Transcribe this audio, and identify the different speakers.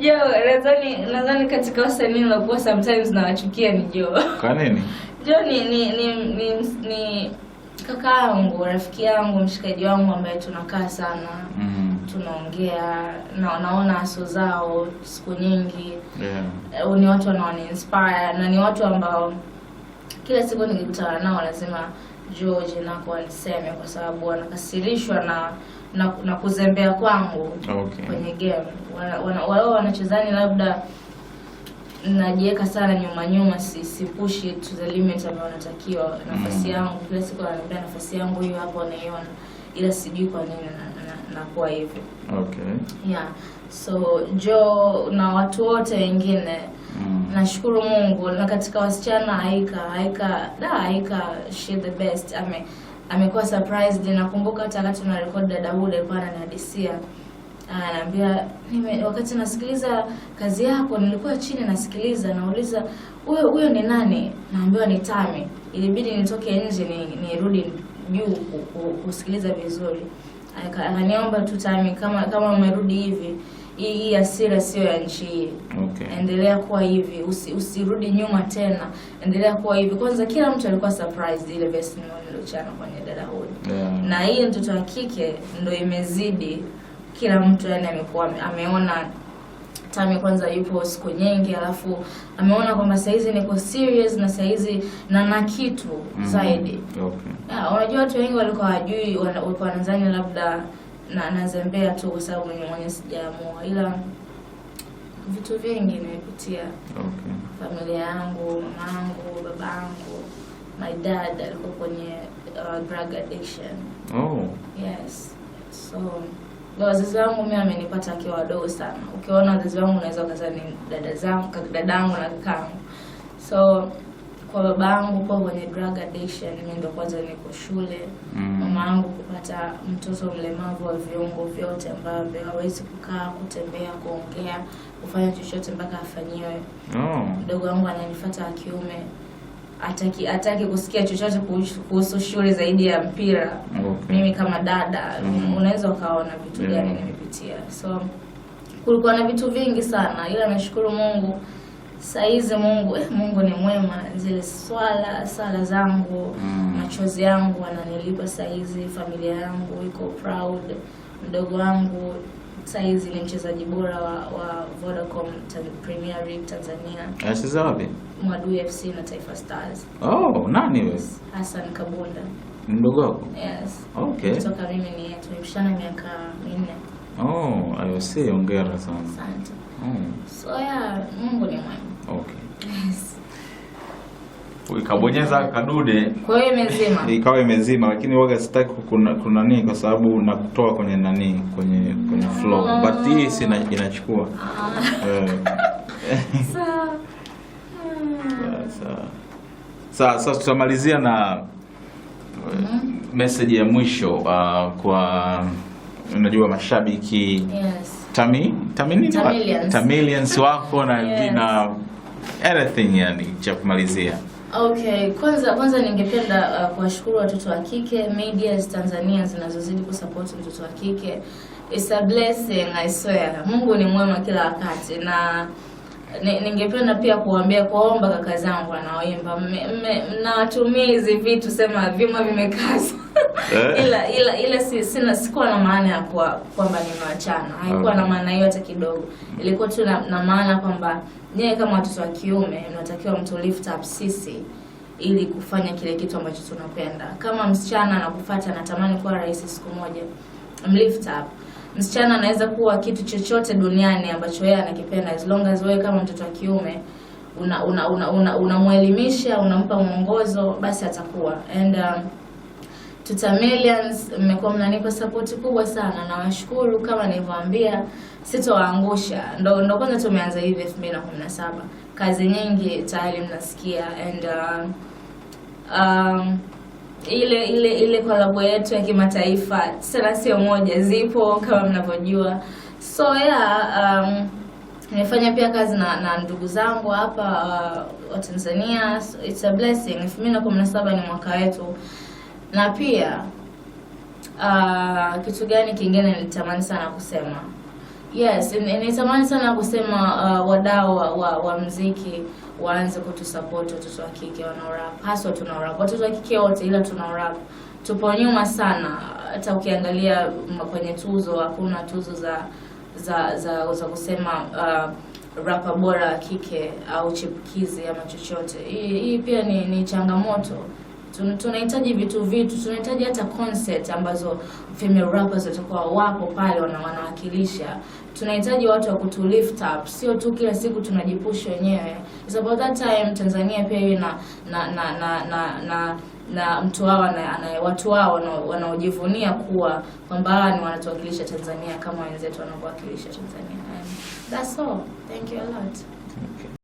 Speaker 1: Yo, nadhani nadhani katika wasanii niliokuwa sometimes nawachukia ni Jo. Kwa nini? Jo ni ni ni, ni, ni kaka yangu, rafiki yangu, mshikaji wangu ambaye tunakaa sana. Mm. Tunaongea na naona aso zao siku nyingi.
Speaker 2: Yeah.
Speaker 1: Ni watu wanaoni inspire na ni watu ambao kila siku nikikutana nao lazima George kwa aliseme kwa sababu anakasirishwa na na, na kuzembea kwangu okay. kwenye game wao wana, wanachezani wana labda najiweka sana nyuma nyuma, si si push it to the limit ambayo natakiwa nafasi mm. yangu kila siku ananiambia nafasi yangu hiyo hapo anaiona ila sijui kwa nini nakuwa na, na, na hivyo okay. yeah so jo na watu wote wengine mm. nashukuru Mungu na katika wasichana Aika Aika da Aika she the best ame amekuwa surprised. Nakumbuka hata wakati na record dada Buda alikuwa ananihadisia, anaambia nime, wakati nasikiliza kazi yako nilikuwa chini nasikiliza, nauliza huyo huyo ni nani? Naambiwa ni Tami. Ilibidi nitoke nje nirudi juu kusikiliza vizuri. Akaniomba tu Tami, kama kama umerudi hivi hii hasira sio ya nchi hii. Okay. Endelea kuwa hivi, usi, usirudi nyuma tena, endelea kuwa hivi. Kwanza kila mtu alikuwa surprised ile vesi nilochana kwenye dada huyo. Yeah. Na hii mtoto wa kike ndo imezidi kila mtu, yani amekuwa ameona Tami kwanza yupo siku nyingi, alafu ameona kwamba saizi niko serious na saizi na na kitu mm-hmm. zaidi. Mm -hmm. Okay. Yeah, unajua watu wengi walikuwa hawajui, walikuwa wanadhani labda na nazembea tu kwa sababu mwenye mwenye sijaamua, ila vitu vingi nimepitia. Okay. Familia yangu, mamangu, babangu, my dad alikuwa kwenye uh, drug addiction. Oh. Yes. So wazazi wangu mimi amenipata akiwa wadogo sana. Ukiona wazazi wangu unaweza ukazani dada zangu, dadangu na kakangu. So kwa babangu kuwa kwenye gradation, mimi ndo kwanza niko shule mm. mama yangu kupata mtoto mlemavu wa viungo vyote ambavyo hawezi kukaa, kutembea, kuongea, kufanya chochote mpaka afanyiwe. Oh. Mdogo wangu ananifuata wa kiume ataki ataki kusikia chochote kuhusu shule zaidi ya mpira. Okay. Mimi kama dada mm. unaweza ukaona vitu gani yeah. nimepitia, so kulikuwa na vitu vingi sana, ila nashukuru Mungu Saizi Mungu eh, Mungu ni mwema. Zile swala sala zangu mm. machozi yangu ananilipa saizi. Familia yangu iko proud. Mdogo wangu saizi ni mchezaji bora wa, wa Vodacom Premier League Tanzania.
Speaker 2: Anacheza wapi?
Speaker 1: Mwadui FC na Taifa Stars.
Speaker 2: Oh, nani wewe?
Speaker 1: Hassan Kabunda. Mdogo wako? Yes. Okay. Kutoka mimi ni tumepishana miaka minne.
Speaker 2: Oh, I see. Hongera sana.
Speaker 1: Asante. Mm. So yeah, Mungu ni mwema. Okay. Yes.
Speaker 2: kadude, ikawa imezima, lakini waga sitaki kuna, nini kwa sababu nakutoa kwenye nani kwenye kwenye flow ah. but hii si inachukua
Speaker 1: ah. eh.
Speaker 2: Sasa sasa tutamalizia na uh, message ya mwisho uh, kwa unajua mashabiki
Speaker 1: yes. tami, tami,
Speaker 2: Tamilians. wako na yes. na anything yani cha kumalizia
Speaker 1: Okay, kwanza kwanza ningependa uh, kuwashukuru watoto wa kike medias Tanzania zinazozidi kusupport mtoto wa kike. It's a blessing I swear. Mungu ni mwema kila wakati na ningependa pia kuwaambia kuwaomba kaka zangu wanaoimba, mnawatumia hizi vitu, sema vyuma vimekaza Eh? ila ila ila si, sina sikuwa na maana ya kwa kwamba nimewachana, haikuwa na ah. maana hiyo hata kidogo. Ilikuwa tu na, na maana kwamba nyewe kama watoto wa kiume natakiwa mtu lift up sisi ili kufanya kile kitu ambacho tunapenda. Kama msichana anakufuata anatamani kuwa rais siku moja, mlift up. Msichana anaweza kuwa kitu chochote duniani ambacho yeye anakipenda, as long as wewe kama mtoto wa kiume unamwelimisha una, una, una, una unampa mwongozo, basi atakuwa and um, Tuta Millions mmekuwa mnanipa support kubwa sana, nawashukuru. Kama nilivyowaambia, sitowaangusha. Ndo ndo kwanza tumeanza hivi 2017 kazi nyingi tayari mnasikia and uh, um, ile ile ile kolabo yetu ya kimataifa tena sio moja, zipo kama mnavyojua, so yeah um, nimefanya pia kazi na, na ndugu zangu hapa uh, wa Tanzania. So, it's a blessing. 2017 ni mwaka wetu na pia uh, kitu gani kingine nilitamani sana kusema? Yes, nilitamani sana kusema uh, wadau wa, wa, wa mziki waanze kutusapoti watoto wa kike wanaorap, haswa tunaorap, watoto wa kike wote, ila tuna rap tupo nyuma sana. Hata ukiangalia kwenye tuzo, hakuna tuzo za za za, za kusema uh, ah, rapa bora wa kike au chipukizi ama chochote. Hii pia ni, ni changamoto tunahitaji vitu vitu, tunahitaji hata concert ambazo female rappers watakuwa wapo pale wana wanawakilisha. Tunahitaji watu wa kutu lift up, sio tu kila siku tunajipush wenyewe. It's about that time Tanzania pia iwe na na na na na, na na mtu wao na watu wao wanaojivunia kuwa kwamba ni wanatuwakilisha Tanzania kama wenzetu wanavyowakilisha Tanzania. And that's all. Thank you a lot. Okay.